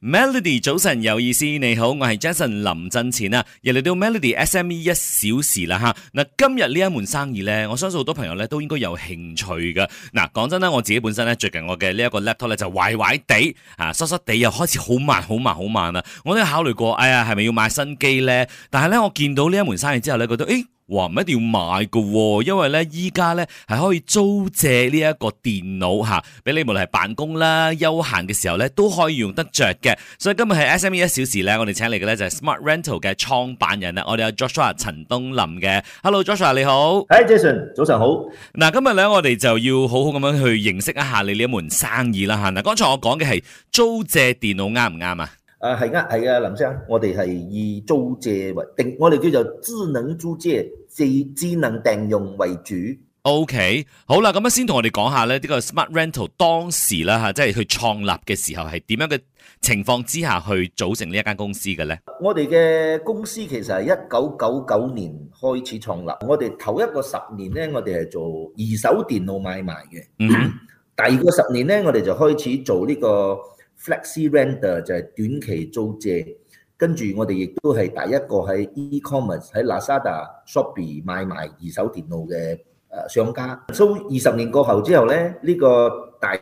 Melody 早晨有意思，你好，我係 Jason 林振前啊，又嚟到 Melody SME 一小時啦吓，嗱、啊、今日呢一門生意咧，我相信好多朋友咧都應該有興趣噶。嗱、啊、講真啦，我自己本身咧最近我嘅呢一個 laptop 咧就壞壞地啊，塞塞地又開始好慢好慢好慢啊，我都考慮過，哎呀係咪要買新機咧？但係咧我見到呢一門生意之後咧，覺得誒。欸話，唔一定要買噶，因為咧，依家咧係可以租借呢一個電腦吓，俾你無論係辦公啦、休閒嘅時候咧，都可以用得着嘅。所以今日係 SME 一小時咧，我哋請嚟嘅咧就係 Smart Rental 嘅創辦人啊，我哋阿 Joshua 陳東林嘅。Hello，Joshua 你好。Hi，Jason，早上好。嗱，今日咧我哋就要好好咁樣去認識一下你呢一門生意啦吓。嗱，剛才我講嘅係租借電腦啱唔啱啊？啊，係啊，係啊，林生，我哋係以租借為定，我哋叫做智能租借。以智能定用為主。OK，好啦，咁啊，先同我哋講下咧，呢個 Smart Rental 當時啦吓，即係佢創立嘅時候係點樣嘅情況之下去組成呢一間公司嘅咧？我哋嘅公司其實係一九九九年開始創立，我哋頭一個十年咧，我哋係做二手電腦買賣嘅。嗯哼，第二個十年咧，我哋就開始做呢個 Flexi Render，就係短期租借。跟住我哋亦都係第一個喺 e-commerce 喺 Lazada、Shopee 買賣二手電腦嘅誒商家。So，二十年過後之後咧，呢、呢個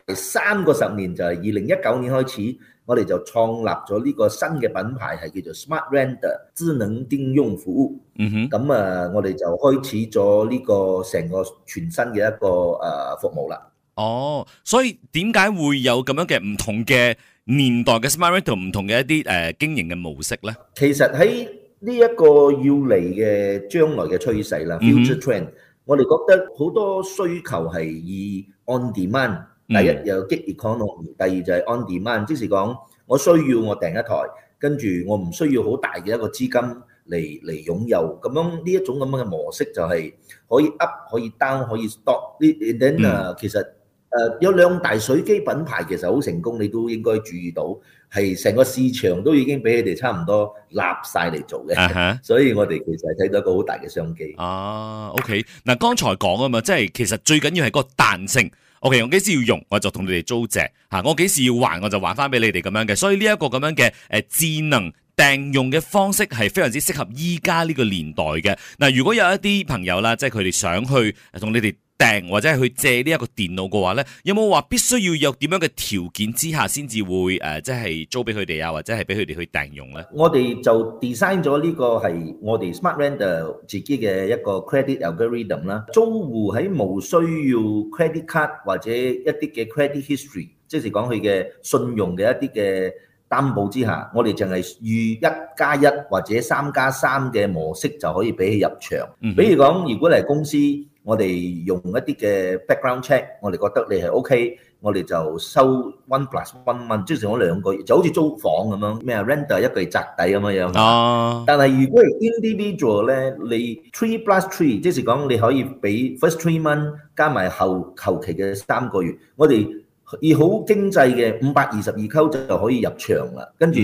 第三個十年就係二零一九年開始，我哋就創立咗呢個新嘅品牌係叫做 Smart Render 智能電用服務。嗯哼，咁啊，我哋就開始咗呢個成個全新嘅一個誒、呃、服務啦。哦，所以點解會有咁樣嘅唔同嘅年代嘅 smart rate 唔同嘅一啲誒經營嘅模式咧，其實喺呢一個要嚟嘅將來嘅趨勢啦，future trend，我哋覺得好多需求係以 on demand，第一有 gig economy，第二就係 on demand，即是講我需要我訂一台，跟住我唔需要好大嘅一個資金嚟嚟擁有，咁樣呢一種咁樣嘅模式就係可以 up，可以 down，可以 stop 呢呢啲啊，其實。有兩大水機品牌其實好成功，你都應該注意到，係成個市場都已經俾你哋差唔多立晒嚟做嘅，uh-huh. 所以我哋其實係睇到一個好大嘅商機。啊、uh,，OK，嗱，剛才講啊嘛，即係其實最緊要係個彈性。OK，我幾時要用，我就同你哋租借吓；我幾時要還，我就還翻俾你哋咁樣嘅。所以呢一個咁樣嘅誒智能訂用嘅方式係非常之適合依家呢個年代嘅。嗱，如果有一啲朋友啦，即係佢哋想去同你哋。訂或者係去借呢一個電腦嘅話咧，有冇話必須要有點樣嘅條件之下先至會誒，即、呃、係租俾佢哋啊，或者係俾佢哋去訂用咧？我哋就 design 咗呢個係我哋 Smart Render 自己嘅一個 credit algorithm 啦。租戶喺冇需要 credit card 或者一啲嘅 credit history，即係講佢嘅信用嘅一啲嘅。擔保之下，我哋淨係預一加一或者三加三嘅模式就可以俾你入場。Mm-hmm. 比如講，如果你係公司，我哋用一啲嘅 background check，我哋覺得你係 OK，我哋就收 one plus one 蚊，即、就是講兩個月就好似租房咁樣，咩 render 一個月宅底咁嘅樣。哦、oh.。但係如果係 individual 咧，你 three plus three，即係講你可以俾 first three 蚊加埋後後期嘅三個月，我哋。而好經濟嘅五百二十二溝就可以入場啦，跟住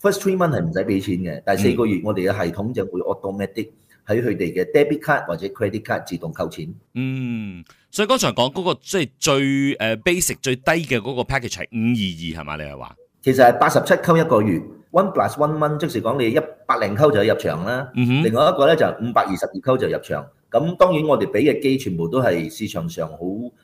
first three month 係唔使俾錢嘅，第、嗯、四個月我哋嘅系統就會 automatic 喺佢哋嘅 debit card 或者 credit card 自動扣錢。嗯，所以剛才講嗰個即係最 basic 最低嘅嗰個 package 係五二二係嘛？你係話？其實係八十七溝一個月。One plus one 蚊，即是講你一百零溝就入場啦。Mm-hmm. 另外一個咧就五百二十二溝就入場。咁當然我哋俾嘅機全部都係市場上好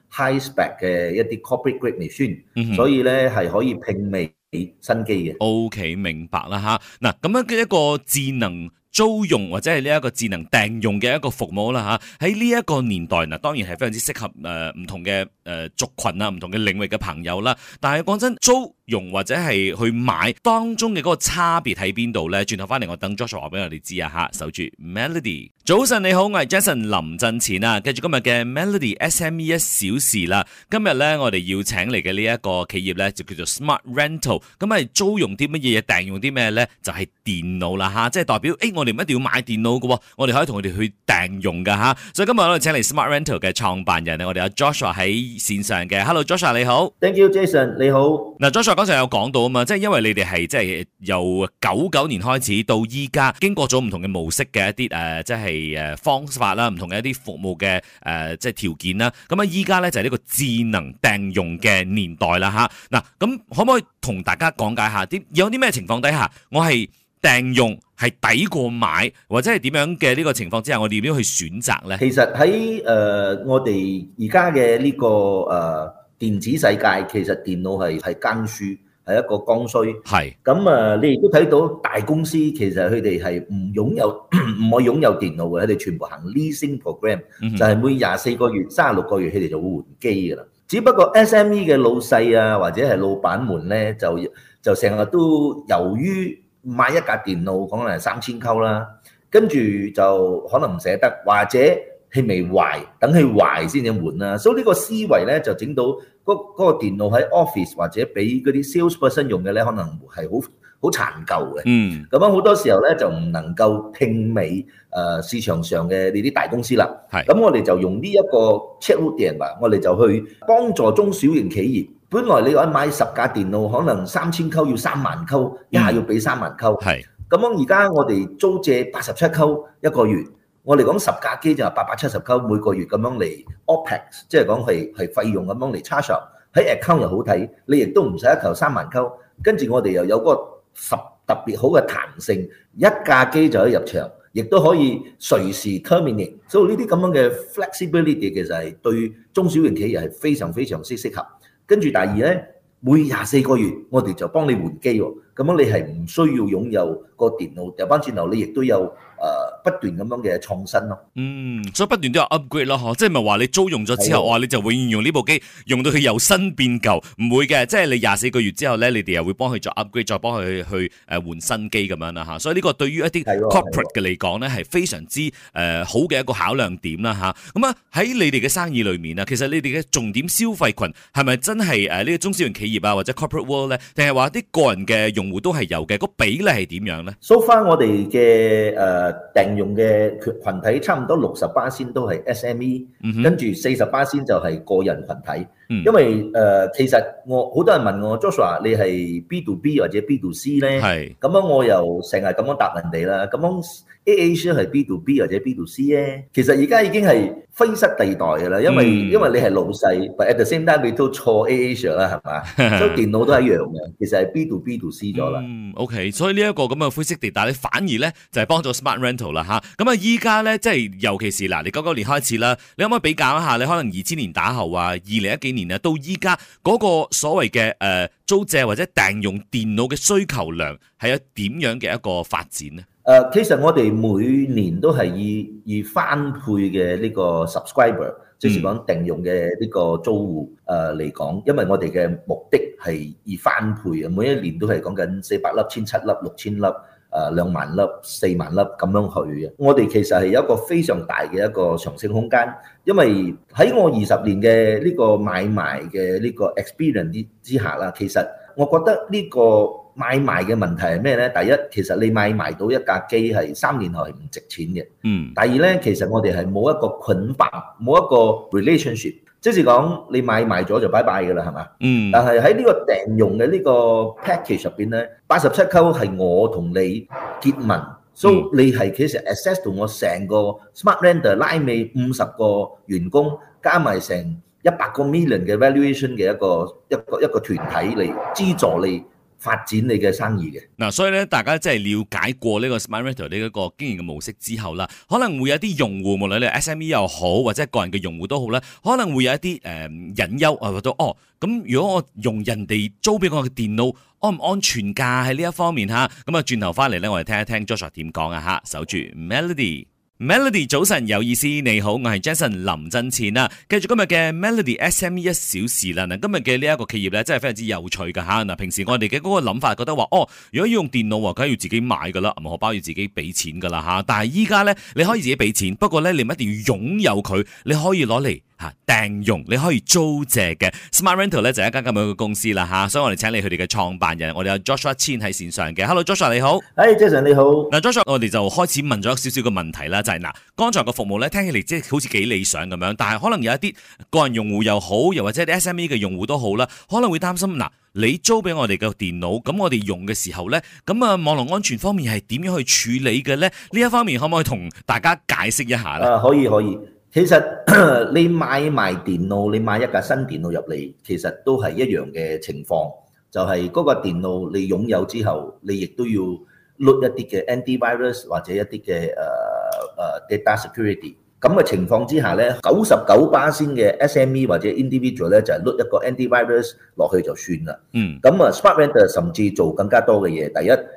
high spec 嘅一啲 corporate grade 嘅機，所以咧係可以媲美新機嘅。OK，明白啦吓，嗱咁樣嘅一個智能租用或者係呢一個智能訂用嘅一個服務啦吓，喺呢一個年代嗱，當然係非常之適合誒唔同嘅誒族群啊，唔同嘅領域嘅朋友啦。但係講真租用或者係去買當中嘅嗰個差別喺邊度呢？轉頭翻嚟，我等 Joshua 俾我哋知啊吓，守住 Melody。早晨你好，我係 Jason 林振錢啊。繼續今日嘅 Melody SME 一小時啦。今日呢，我哋要請嚟嘅呢一個企業呢，就叫做 Smart Rental。咁啊租用啲乜嘢嘢，訂用啲咩呢？就係、是、電腦啦吓，即係代表誒、哎，我哋唔一定要買電腦喎，我哋可以同佢哋去訂用嘅吓。所以今日我哋請嚟 Smart Rental 嘅創辦人呢，我哋有 Joshua 喺線上嘅。Hello Joshua，你好。Thank you Jason，你好。嗱 Joshua 剛才有講到啊嘛，即係因為你哋係即係由九九年開始到依家，經過咗唔同嘅模式嘅一啲誒，即係誒方法啦，唔同嘅一啲服務嘅誒，即係條件啦。咁啊，依家咧就係呢個智能訂用嘅年代啦吓，嗱，咁可唔可以同大家講解下啲有啲咩情況底下，我係訂用係抵過買，或者係點樣嘅呢個情況之下，我點樣去選擇咧？其實喺誒、呃、我哋而家嘅呢個誒。呃電子世界其實電腦係係耕書，係一個剛需。係咁啊！你亦都睇到大公司其實佢哋係唔擁有唔可以擁有電腦嘅，佢哋全部行 Leasing Program，就係每廿四個月、三十六個月佢哋就會換機㗎啦。只不過 SME 嘅老細啊，或者係老闆們咧，就就成日都由於買一架電腦可能係三千溝啦，跟住就可能唔捨得，或者。佢未壞，等佢壞先至換啦。所以呢個思維咧，就整到嗰嗰個電腦喺 office 或者俾嗰啲 sales person 用嘅咧，可能係好好殘舊嘅。嗯，咁樣好多時候咧就唔能夠媲美誒市場上嘅呢啲大公司啦。係，咁我哋就用呢一個 cheap hardware，我哋就去幫助中小型企業。本來你講買十架電腦，可能三千溝要三萬溝，一下要俾三萬溝。係，咁樣而家我哋租借八十七溝一個月。我哋講十架機就係八百七十溝每個月咁樣嚟 Opex，即係講係係費用咁樣嚟 charge，上喺 account 又好睇，你亦都唔使一頭三萬溝，跟住我哋又有個十特別好嘅彈性，一架機就可以入場，亦都可以隨時 terminate，所以呢啲咁樣嘅 flexibility 其實係對中小型企業係非常非常之適合。跟住第二咧，每廿四個月我哋就幫你換機喎，咁樣你係唔需要擁有個電腦。掉翻轉頭你亦都有誒。呃不斷咁樣嘅創新咯，嗯，所以不斷都有 upgrade 咯，即係咪係話你租用咗之後，哇，你就永遠用呢部機，用到佢由新變舊，唔會嘅，即、就、係、是、你廿四個月之後咧，你哋又會幫佢再 upgrade，再幫佢去誒、呃、換新機咁樣啦，嚇，所以呢個對於一啲 corporate 嘅嚟講咧，係非常之誒、呃、好嘅一個考量點啦，嚇、啊，咁啊喺你哋嘅生意裏面啊，其實你哋嘅重點消費群係咪真係誒呢個中小型企業啊，或者 corporate world 咧，定係話啲個人嘅用戶都係有嘅，個比例係點樣咧？收、so、翻我哋嘅誒定。用嘅群體差唔多六十巴仙都係 SME，跟住四十巴仙就係個人群體。嗯，因為誒其實我好多人問我 Joshua 你係 B to B 或者 B to C 咧，係咁樣我又成日咁樣答人哋啦。咁樣 A A share 係 B to B 或者 B to C 咧，其實而家已經係灰色地帶㗎啦。因為因為你係老細，but at the same time 你都錯 A A share 啦，係嘛？所以電腦都一樣嘅，其實係 B to B to C 咗啦。嗯，OK，所以呢一個咁嘅灰色地帶，你反而咧就係幫咗 Smart Rental 啦嚇。咁啊依家咧即係尤其是嗱，你九九年開始啦，你可唔可以比較一下你可能二千年打後啊，二零一幾年啊，到依家嗰個所謂嘅誒租借或者訂用電腦嘅需求量係有點樣嘅一個發展呢？誒，其實我哋每年都係以以翻倍嘅呢個 subscriber，即是講訂用嘅呢個租戶誒嚟講，嗯、因為我哋嘅目的係以翻倍嘅，每一年都係講緊四百粒、千七粒、六千粒。誒兩萬粒、四萬粒咁樣去嘅，我哋其實係有一個非常大嘅一個上升空間，因為喺我二十年嘅呢個買賣嘅呢個 experience 之下啦，其實我覺得呢個買賣嘅問題係咩咧？第一，其實你買賣到一架機係三年後係唔值錢嘅。嗯。第二咧，其實我哋係冇一個捆綁，冇一個 relationship。即是講你買埋咗就拜拜嘅啦，係嘛？嗯。但係喺呢個訂用嘅呢個 package 入邊咧，八十七溝係我同你結盟，so 你係其實 access 到我成個 smart render 拉尾五十個員工加埋成一百個 million 嘅 valuation 嘅一個一個一個團體嚟資助你。發展你嘅生意嘅嗱，所以咧大家即係了解過呢個 Smarter 呢一個經營嘅模式之後啦，可能會有啲用戶無論你 SME 又好，或者個人嘅用戶都好咧，可能會有一啲誒隱憂啊，或者、呃、哦咁，如果我用人哋租俾我嘅電腦，安唔安全㗎？喺呢一方面嚇，咁啊轉頭翻嚟咧，我哋聽一聽 Joshua 點講啊嚇，守住 Melody。Melody 早晨有意思，你好，我係 Jason 林振錢啊。繼續今日嘅 Melody SME 一小時啦。嗱，今日嘅呢一個企業咧，真係非常之有趣噶吓。嗱，平時我哋嘅嗰個諗法，覺得話哦，如果要用電腦啊，梗係要自己買噶啦，唔係荷包要自己俾錢噶啦吓。但係依家咧，你可以自己俾錢，不過咧，你唔一定要擁有佢，你可以攞嚟。吓，訂用你可以租借嘅 Smart Rental 咧就係一間咁樣嘅公司啦吓，所以我哋請你佢哋嘅創辦人，我哋有 Joshua Chan 喺線上嘅。Hello，Joshua 你好。誒，Jason 你好。嗱，Joshua，我哋就開始問咗少少嘅問題啦，就係、是、嗱，剛才個服務咧，聽起嚟即係好似幾理想咁樣，但係可能有一啲個人用戶又好，又或者啲 SME 嘅用戶都好啦，可能會擔心嗱，你租俾我哋嘅電腦，咁我哋用嘅時候咧，咁啊，網絡安全方面係點樣去處理嘅咧？呢一方面可唔可以同大家解釋一下咧？可以，可以。其實你買埋電腦，你買一架新電腦入嚟，其實都係一樣嘅情況，就係嗰個電腦你擁有之後，你亦都要碌一啲嘅 anti-virus 或者一啲嘅誒誒 data security 咁嘅情況之下咧，九十九巴仙嘅 SME 或者 individual 咧就係碌一個 anti-virus 落去就算啦。嗯，咁啊，Smartenter 甚至做更加多嘅嘢，第一。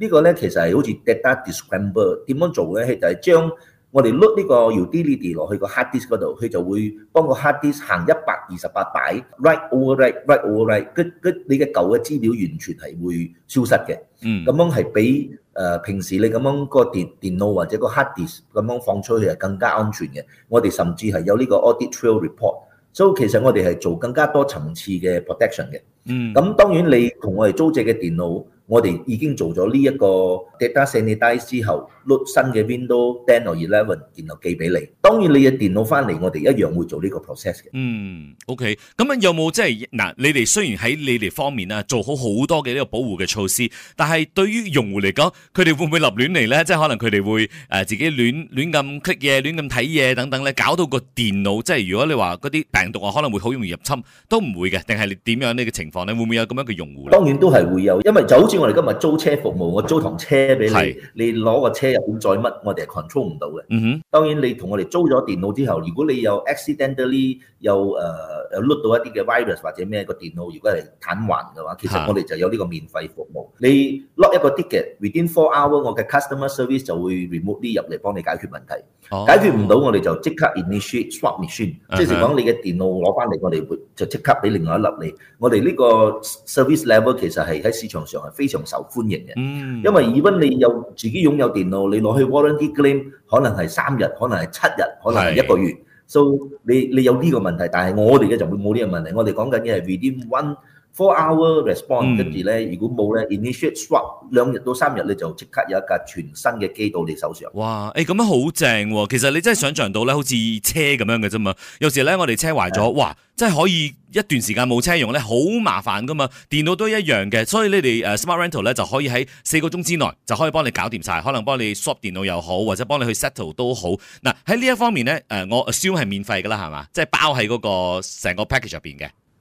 呢個咧其實係好似 data dismember 點樣做咧？就係將我哋碌呢個 utility 落去個 hard disk 嗰度，佢就會幫個 hard disk 行一百二十八擺，write all write write all write，嗰嗰你嘅舊嘅資料完全係會消失嘅。嗯，咁樣係比誒平時你咁樣個電電腦或者個 hard disk 咁樣放出去係更加安全嘅。我哋甚至係有呢個 audit trail report，所以其實我哋係做更加多層次嘅 protection 嘅。嗯，咁當然你同我哋租借嘅電腦。我哋已經做咗呢一個 data sanitize 之後，攞新嘅 Windows 11，然後寄俾你。當然你嘅電腦翻嚟，我哋一樣會做呢個 process 嘅。嗯，OK，咁樣有冇即係嗱？你哋雖然喺你哋方面啊做好好多嘅呢個保護嘅措施，但係對於用戶嚟講，佢哋會唔會立亂嚟咧？即係可能佢哋會誒自己亂亂咁 click 嘢、亂咁睇嘢等等咧，搞到個電腦即係如果你話嗰啲病毒啊，可能會好容易入侵，都唔會嘅。定係你點樣呢個情況咧？會唔會有咁樣嘅用戶咧？當然都係會有，因為就好似。我哋今日租車服務，我租台車俾你，你攞個車入面載乜，我哋係 control 唔到嘅。嗯哼，當然你同我哋租咗電腦之後，如果你有 accidentally 又誒誒碌到一啲嘅 virus 或者咩，這個電腦，如果係癱瘓嘅話，其實我哋就有呢個免費服務。你 lock 一個 ticket within four hour，我嘅 customer service 就會 remove 啲入嚟幫你解決問題，哦、解決唔到，我哋就即刻 initiate swap machine，、嗯、即係講你嘅電腦攞翻嚟，我哋會就即刻俾另外一粒你。我哋呢個 service level 其實係喺市場上係非。非常受歡迎嘅，因為如果你有自己擁有電腦，你攞去 warranty claim 可能係三日，可能係七日，可能係一個月，So，你你有呢個問題，但係我哋嘅就會冇呢個問題，我哋講緊嘅係 redeem one。Four hour response 跟住咧，如果冇咧，initial swap 兩日到三日咧就即刻有一架全新嘅機到你手上。哇！欸咁樣好正喎！其實你真係想像到咧，好似車咁樣嘅啫嘛。有時咧，我哋車壞咗，哇！真係可以一段時間冇車用咧，好麻煩噶嘛。電腦都一樣嘅，所以你哋 Smart Rental 咧就可以喺四個鐘之內就可以幫你搞掂晒，可能幫你 swap 電腦又好，或者幫你去 settle 都好。嗱，喺呢一方面咧、呃，我 assume 係免費㗎啦，係嘛？即係包喺嗰個成個 package 入面嘅。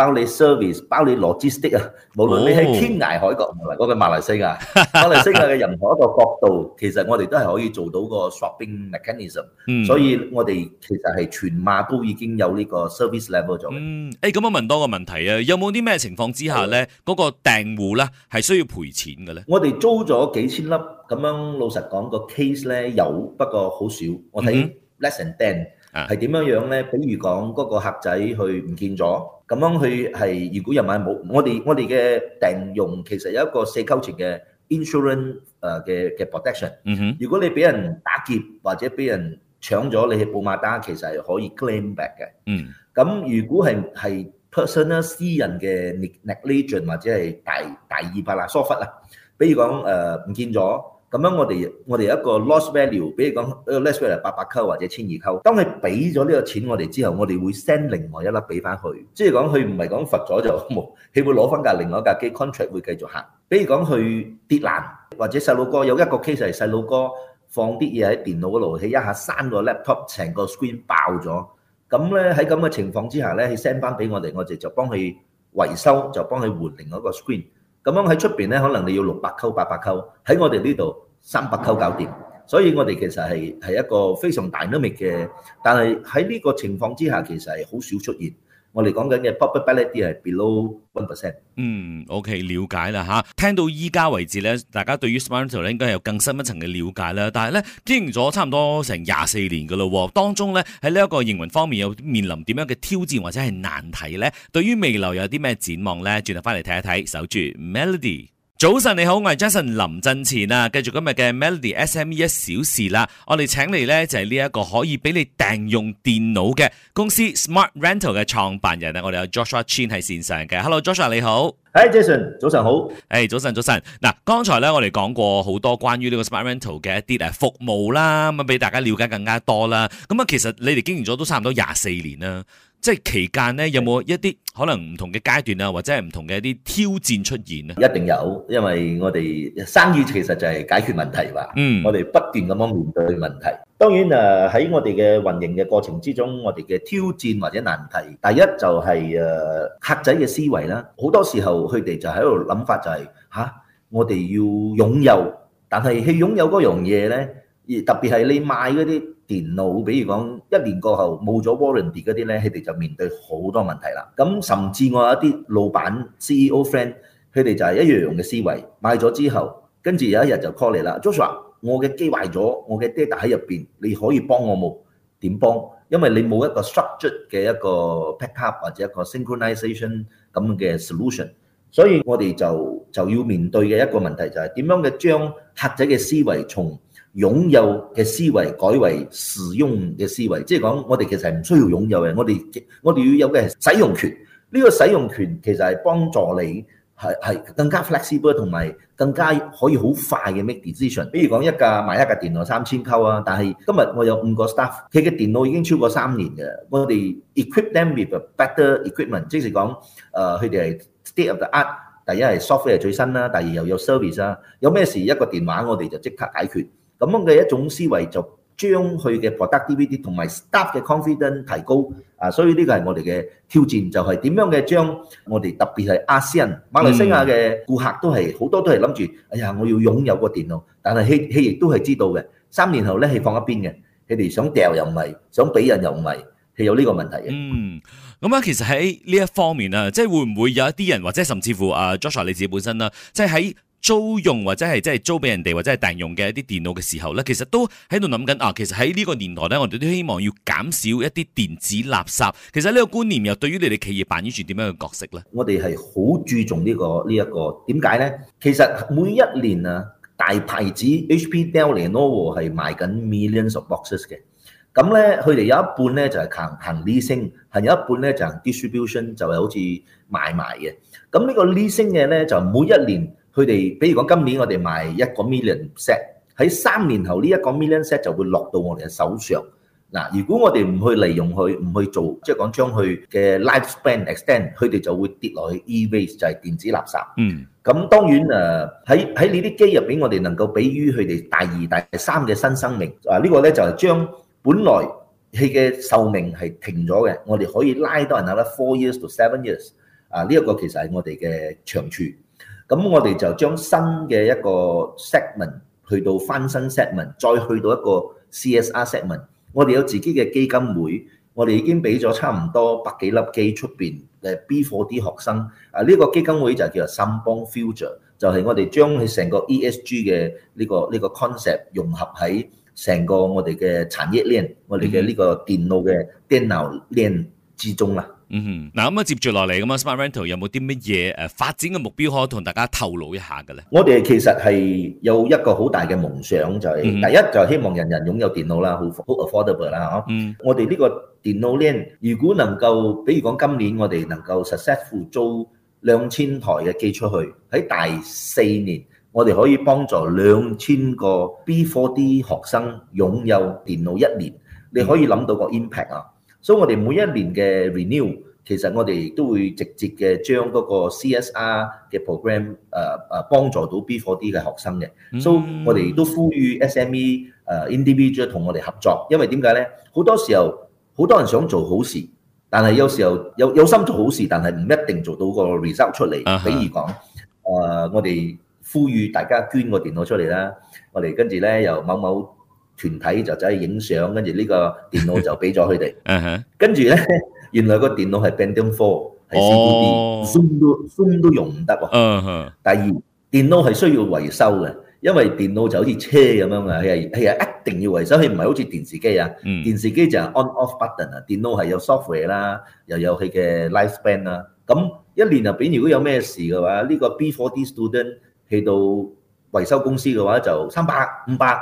包你 service，包你 logistics 啊！無論你喺天涯海角，唔係嗰個馬來西亞，馬來西亞嘅任何一個角度，其實我哋都係可以做到個 shopping mechanism。嗯，所以我哋其實係全馬都已經有呢個 service level 咗。嗯，誒，咁我問多個問題啊，有冇啲咩情況之下咧，嗰個訂戶咧係需要賠錢嘅咧？我哋租咗幾千粒咁樣，老實講個 case 咧有，不過好少。我睇 less and then 係點樣樣咧？比如講嗰個客仔去唔見咗。咁樣佢係，如果入買冇，我哋我哋嘅訂用其實有一個四溝錢嘅 insurance 誒嘅嘅 protection。嗯哼，如果你俾人打劫或者俾人搶咗，你嘅報馬單其實係可以 claim back 嘅。嗯，咁如果係係 personal 私人嘅 negligence 或者係大大二百啦疏忽啦，比如講誒唔見咗。呃咁樣我哋我哋有一個 loss value，比如講，loss value 八百溝或者千二溝。當佢俾咗呢個錢我哋之後，我哋會 send 另外一粒俾翻佢。即係講佢唔係講罰咗就冇，佢會攞翻架另外一架機 contract 會繼續行。比如講佢跌爛，或者細路哥有一個 case 係細路哥放啲嘢喺電腦嗰度，佢一下三個 laptop 成個 screen 爆咗。咁咧喺咁嘅情況之下咧，佢 send 翻俾我哋，我哋就幫佢維修，就幫佢換另外一個 screen。咁樣喺出面呢，可能你要六百溝八百溝，喺我哋呢度三百溝搞掂，所以我哋其實係係一個非常大面嘅，但係喺呢個情況之下，其實係好少出現。我哋講緊嘅 probability 係 below one percent。嗯，OK，了解啦嚇。聽到依家為止呢，大家對於 smart auto 咧應該係有更深一層嘅了解啦。但係咧，經營咗差唔多成廿四年㗎啦喎，當中呢，喺呢一個營運方面有面臨點樣嘅挑戰或者係難題呢？對於未來有啲咩展望呢？轉頭返嚟睇一睇，守住 melody。早晨你好，我係 Jason 林振前啊，繼續今日嘅 Melody SME 一小時啦，我哋請嚟咧就係呢一個可以俾你訂用電腦嘅公司 Smart Rental 嘅創辦人啊，我哋有 Joshua Chin 喺線上嘅，Hello Joshua 你好，Hi、hey, Jason 早晨好，誒早晨早晨，嗱剛才咧我哋講過好多關於呢個 Smart Rental 嘅一啲誒服務啦，咁啊俾大家了解更加多啦，咁啊其實你哋經營咗都差唔多廿四年啦。即係期間咧，有冇一啲可能唔同嘅階段啊，或者係唔同嘅一啲挑戰出現咧？一定有，因為我哋生意其實就係解決問題啦。嗯，我哋不斷咁樣面對問題。當然誒、啊，喺我哋嘅運營嘅過程之中，我哋嘅挑戰或者難題，第一就係誒、啊、客仔嘅思維啦。好多時候佢哋就喺度諗法就係、是、吓、啊，我哋要擁有，但係去擁有嗰樣嘢咧，而特別係你買嗰啲。電腦，比如講一年過後冇咗 warranty 嗰啲咧，佢哋就面對好多問題啦。咁甚至我有一啲老闆、CEO friend，佢哋就係一樣嘅思維，買咗之後，跟住有一日就 call 你啦。Joshua，我嘅機壞咗，我嘅 data 喺入邊，你可以幫我冇點幫？因為你冇一個 structured 嘅一個 pick up 或者一個 synchronization 咁嘅 solution。所以我哋就就要面對嘅一個問題就係、是、點樣嘅將客仔嘅思維從擁有嘅思維改為使用嘅思維，即係講我哋其實係唔需要擁有嘅，我哋我哋要有嘅係使用權。呢、這個使用權其實係幫助你係係更加 flexible，同埋更加可以好快嘅 make decision。比如講一架買一架電腦三千九啊，但係今日我有五個 staff，佢嘅電腦已經超過三年嘅。我哋 equip them with a better equipment，即是講誒佢哋係 state of the art。第一係 software 係最新啦、啊，第二又有 service 啦、啊，有咩事一個電話我哋就即刻解決。咁樣嘅一種思維就將佢嘅 productivity 同埋 staff 嘅 confidence 提高啊，所以呢個係我哋嘅挑戰，就係點樣嘅將我哋特別係 ASEAN、馬來西亞嘅顧客都係好多都係諗住，哎呀，我要擁有個電腦，但係佢佢亦都係知道嘅，三年後咧係放一邊嘅，佢哋想掉又唔係，想俾人又唔係，係有呢個問題嘅。嗯，咁啊，其實喺呢一方面啊，即係會唔會有一啲人或者甚至乎啊 Joshua 你自己本身啦，即係喺。租用或者係即係租俾人哋或者係訂用嘅一啲電腦嘅時候咧，其實都喺度諗緊啊！其實喺呢個年代咧，我哋都希望要減少一啲電子垃圾。其實呢個觀念又對於你哋企業扮演住點樣嘅角色咧？我哋係好注重、這個這個、為什麼呢個呢一個點解咧？其實每一年啊，大牌子 HP、Dell、Lenovo 係賣緊 millions of boxes 嘅。咁咧，佢哋有一半咧就係行行 leasing，係有一半咧就係 distribution，就係好似買賣嘅。咁呢個 leasing 嘅咧就每一年。佢哋，比如講今年我哋賣一個 million set，喺三年後呢一個 million set 就會落到我哋嘅手上。嗱，如果我哋唔去利用佢，唔去做，即係講將佢嘅 lifespan extend，佢哋就會跌落去 e waste，就係電子垃圾。嗯。咁當然誒，喺喺呢啲機入邊，我哋能夠俾於佢哋第二、第三嘅新生命。啊，呢個咧就係將本來佢嘅壽命係停咗嘅，我哋可以拉多 another four years to seven years。啊，呢一個其實係我哋嘅長處。咁我哋就將新嘅一個 segment 去到翻新 segment，再去到一個 CSR segment。我哋有自己嘅基金會，我哋已經俾咗差唔多百幾粒機出面嘅 B 貨啲學生。啊，呢個基金會就叫做 Some Bond Future，就係我哋將佢成個 ESG 嘅呢個呢個 concept 融合喺成個我哋嘅產業鏈，我哋嘅呢個電腦嘅電腦鏈之中啦。嗯哼，嗱咁啊，接住落嚟咁啊，Smart Rental 有冇啲乜嘢誒發展嘅目標可以同大家透露一下嘅咧？我哋其實係有一個好大嘅夢想，就係第一就係希望人人擁有電腦啦，好好 affordable 啦嚇。我哋呢個電腦咧，如果能夠，比如講今年我哋能夠 successful 租兩千台嘅機出去，喺大四年我哋可以幫助兩千個 B4D 學生擁有電腦一年，你可以諗到個 impact 啊！所以我哋每一年嘅 renew，其實我哋都會直接嘅將嗰個 CSR 嘅 program，誒誒幫助到 B4D 嘅學生嘅。所以我哋亦都呼籲 SME 誒 individual 同我哋合作，因為點解咧？好多時候，好多人想做好事，但係有時候有有心做好事，但係唔一定做到個 result 出嚟。比如講誒，我哋呼籲大家捐個電腦出嚟啦，我哋跟住咧由某某。團體就走去影相，跟住呢個電腦就俾咗佢哋。跟住咧，原來個電腦係 Band Four，係 CDB，Zoom 都 Zoom 都用唔得。第二電腦係需要維修嘅，因為電腦就好似車咁樣啊，係係啊，一定要維修。佢唔係好似電視機啊，電視機就係 on off button 啊，電腦係有 software 啦，又有佢嘅 life span 啦。咁一年入面，如果有咩事嘅話，呢個 B4D student 去到維修公司嘅話，就三百五百，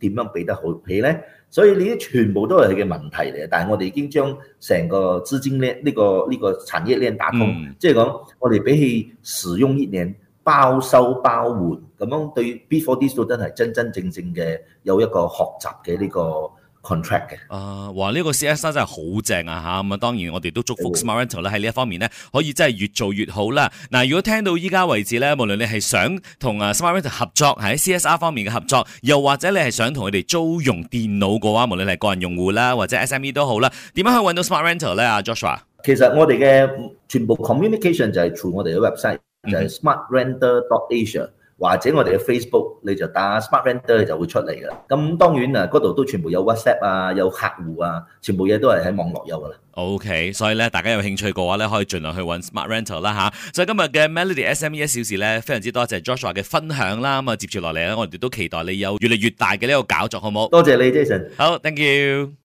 點樣俾得好起咧？所以呢啲全部都係佢嘅問題嚟，但係我哋已經將成個資金呢呢、這個呢、呢個產業鏈打通，即係講我哋比起使用一年包修包換，咁樣對 B4DStore 真係真真正正嘅有一個學習嘅呢、呢個。contract 嘅啊，哇！呢、這個 CSR 真係好正啊嚇，咁啊當然我哋都祝福 Smart Rental 咧，喺呢一方面咧，可以真係越做越好啦。嗱、啊，如果聽到依家為止咧，無論你係想同啊 Smart Rental 合作，喺 CSR 方面嘅合作，又或者你係想同佢哋租用電腦嘅話，無論你係個人用戶啦，或者 SME 都好啦，點樣去揾到 Smart Rental 咧？啊，Joshua，其實我哋嘅全部 communication 就係從我哋嘅 website，就係、是、Smart Rental dot Asia、嗯。或者我哋嘅 Facebook，你就打 Smart Rental 就會出嚟噶啦。咁當然啊，嗰度都全部有 WhatsApp 啊，有客戶啊，全部嘢都係喺網絡有噶啦。OK，所以咧，大家有興趣嘅話咧，可以盡量去揾 Smart Rental 啦吓，所以今日嘅 Melody SME 一小時咧，非常之多謝 Joshua 嘅分享啦。咁啊，接住落嚟咧，我哋都期待你有越嚟越大嘅呢個搞作，好唔好？多謝你，Jason。好，Thank you。